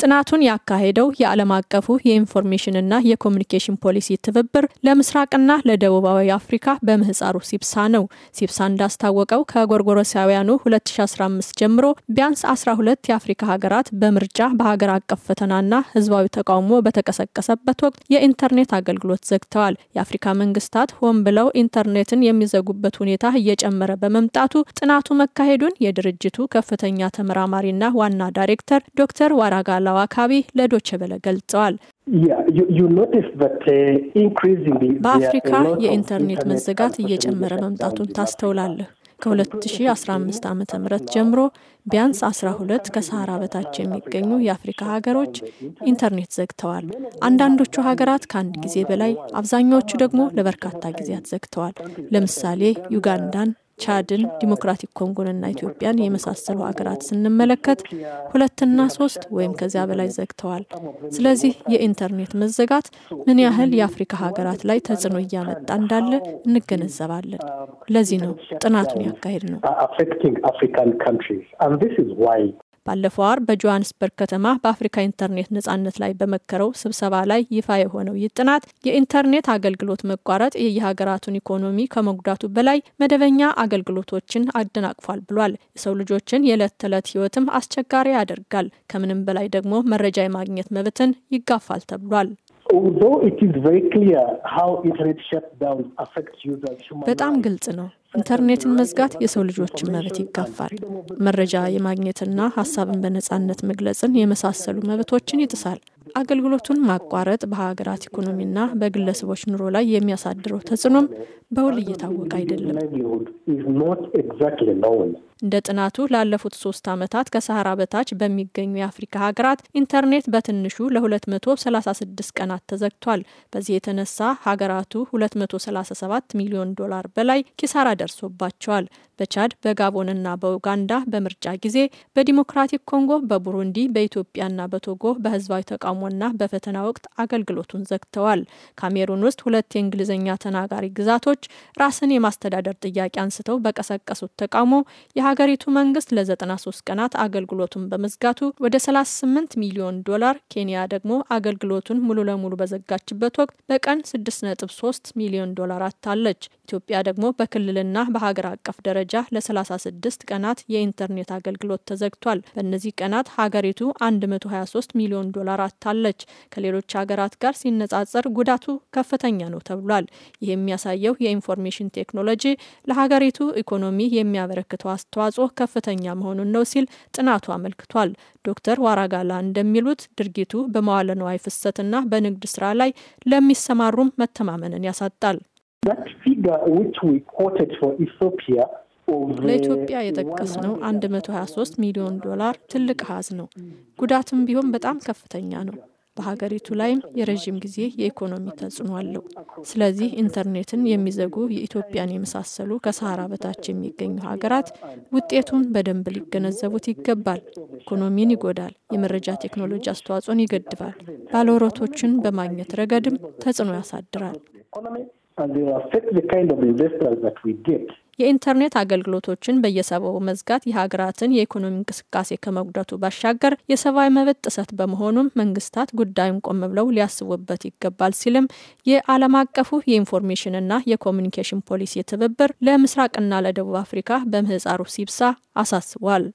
ጥናቱን ያካሄደው የዓለም አቀፉ የኢንፎርሜሽንና የኮሚኒኬሽን ፖሊሲ ትብብር ለምስራቅና ለደቡባዊ አፍሪካ በምህፃሩ ሲብሳ ነው። ሲብሳ እንዳስታወቀው ከጎርጎሮሳውያኑ 2015 ጀምሮ ቢያንስ 12 የአፍሪካ ሀገራት በምርጫ በሀገር አቀፍ ፈተናና ህዝባዊ ተቃውሞ በተቀሰቀሰበት ወቅት የኢንተርኔት አገልግሎት ዘግተዋል። የአፍሪካ መንግስታት ሆን ብለው ኢንተርኔትን የሚዘጉበት ሁኔታ እየጨመረ በመምጣቱ ጥናቱ መካሄዱን የድርጅቱ ከፍተኛ ተመራማሪና ዋና ዳይሬክተር ዶክተር ዋራጋል ላዋካቢ ለዶቸበለ ገልጸዋል። uh, በአፍሪካ የኢንተርኔት መዘጋት እየጨመረ መምጣቱን ታስተውላለህ። ከ2015 ዓ ም ጀምሮ ቢያንስ 12 ከሰሃራ በታች የሚገኙ የአፍሪካ ሀገሮች ኢንተርኔት ዘግተዋል። አንዳንዶቹ ሀገራት ከአንድ ጊዜ በላይ፣ አብዛኛዎቹ ደግሞ ለበርካታ ጊዜያት ዘግተዋል። ለምሳሌ ዩጋንዳን ቻድን፣ ዲሞክራቲክ ኮንጎንና ኢትዮጵያን የመሳሰሉ ሀገራት ስንመለከት ሁለትና ሶስት ወይም ከዚያ በላይ ዘግተዋል። ስለዚህ የኢንተርኔት መዘጋት ምን ያህል የአፍሪካ ሀገራት ላይ ተጽዕኖ እያመጣ እንዳለ እንገነዘባለን። ለዚህ ነው ጥናቱን ያካሄድ ነው። ባለፈው አርብ በጆሃንስበርግ ከተማ በአፍሪካ ኢንተርኔት ነጻነት ላይ በመከረው ስብሰባ ላይ ይፋ የሆነው ይህ ጥናት የኢንተርኔት አገልግሎት መቋረጥ የየሀገራቱን ኢኮኖሚ ከመጉዳቱ በላይ መደበኛ አገልግሎቶችን አደናቅፏል ብሏል። የሰው ልጆችን የዕለት ተዕለት ህይወትም አስቸጋሪ ያደርጋል። ከምንም በላይ ደግሞ መረጃ የማግኘት መብትን ይጋፋል ተብሏል። በጣም ግልጽ ነው። ኢንተርኔትን መዝጋት የሰው ልጆችን መብት ይጋፋል። መረጃ የማግኘትና ሀሳብን በነጻነት መግለጽን የመሳሰሉ መብቶችን ይጥሳል። አገልግሎቱን ማቋረጥ በሀገራት ኢኮኖሚና በግለሰቦች ኑሮ ላይ የሚያሳድረው ተጽዕኖም በውል እየታወቀ አይደለም። እንደ ጥናቱ ላለፉት ሶስት ዓመታት ከሰሃራ በታች በሚገኙ የአፍሪካ ሀገራት ኢንተርኔት በትንሹ ለ236 ቀናት ተዘግቷል። በዚህ የተነሳ ሀገራቱ 237 ሚሊዮን ዶላር በላይ ኪሳራ ደርሶባቸዋል። በቻድ በጋቦንና በኡጋንዳ በምርጫ ጊዜ፣ በዲሞክራቲክ ኮንጎ፣ በቡሩንዲ፣ በኢትዮጵያና በቶጎ በህዝባዊ ተቃውሞና በፈተና ወቅት አገልግሎቱን ዘግተዋል። ካሜሩን ውስጥ ሁለት የእንግሊዝኛ ተናጋሪ ግዛቶች ራስን የማስተዳደር ጥያቄ አንስተው በቀሰቀሱት ተቃውሞ የሀገሪቱ መንግስት ለ93 ቀናት አገልግሎቱን በመዝጋቱ ወደ 38 ሚሊዮን ዶላር፣ ኬንያ ደግሞ አገልግሎቱን ሙሉ ለሙሉ በዘጋችበት ወቅት በቀን 6.3 ሚሊዮን ዶላር አታለች። ኢትዮጵያ ደግሞ በክልልና በሀገር አቀፍ ደረጃ ለ36 ቀናት የኢንተርኔት አገልግሎት ተዘግቷል። በእነዚህ ቀናት ሀገሪቱ 123 ሚሊዮን ዶላር አታለች። ከሌሎች ሀገራት ጋር ሲነጻጸር ጉዳቱ ከፍተኛ ነው ተብሏል። ይህ የሚያሳየው የኢንፎርሜሽን ቴክኖሎጂ ለሀገሪቱ ኢኮኖሚ የሚያበረክተው አስተዋጽኦ ከፍተኛ መሆኑን ነው ሲል ጥናቱ አመልክቷል። ዶክተር ዋራጋላ እንደሚሉት ድርጊቱ በመዋለ ንዋይ ፍሰትና በንግድ ስራ ላይ ለሚሰማሩም መተማመንን ያሳጣል። ለኢትዮጵያ ነው 123 ሚሊዮን ዶላር ትልቅ ሀዝ ነው። ጉዳትም ቢሆን በጣም ከፍተኛ ነው። በሀገሪቱ ላይም የረዥም ጊዜ የኢኮኖሚ ተጽዕኖ አለው። ስለዚህ ኢንተርኔትን የሚዘጉ የኢትዮጵያን የመሳሰሉ ከሰሃራ በታች የሚገኙ ሀገራት ውጤቱን በደንብ ሊገነዘቡት ይገባል። ኢኮኖሚን ይጎዳል፣ የመረጃ ቴክኖሎጂ አስተዋጽኦን ይገድባል፣ ባለወረቶችን በማግኘት ረገድም ተጽዕኖ ያሳድራል። የኢንተርኔት አገልግሎቶችን በየሰበቡ መዝጋት የሀገራትን የኢኮኖሚ እንቅስቃሴ ከመጉዳቱ ባሻገር የሰብአዊ መብት ጥሰት በመሆኑም መንግስታት ጉዳዩን ቆም ብለው ሊያስቡበት ይገባል ሲልም የዓለም አቀፉ የኢንፎርሜሽንና የኮሚኒኬሽን ፖሊሲ ትብብር ለምስራቅና ለደቡብ አፍሪካ በምህፃሩ ሲብሳ አሳስቧል።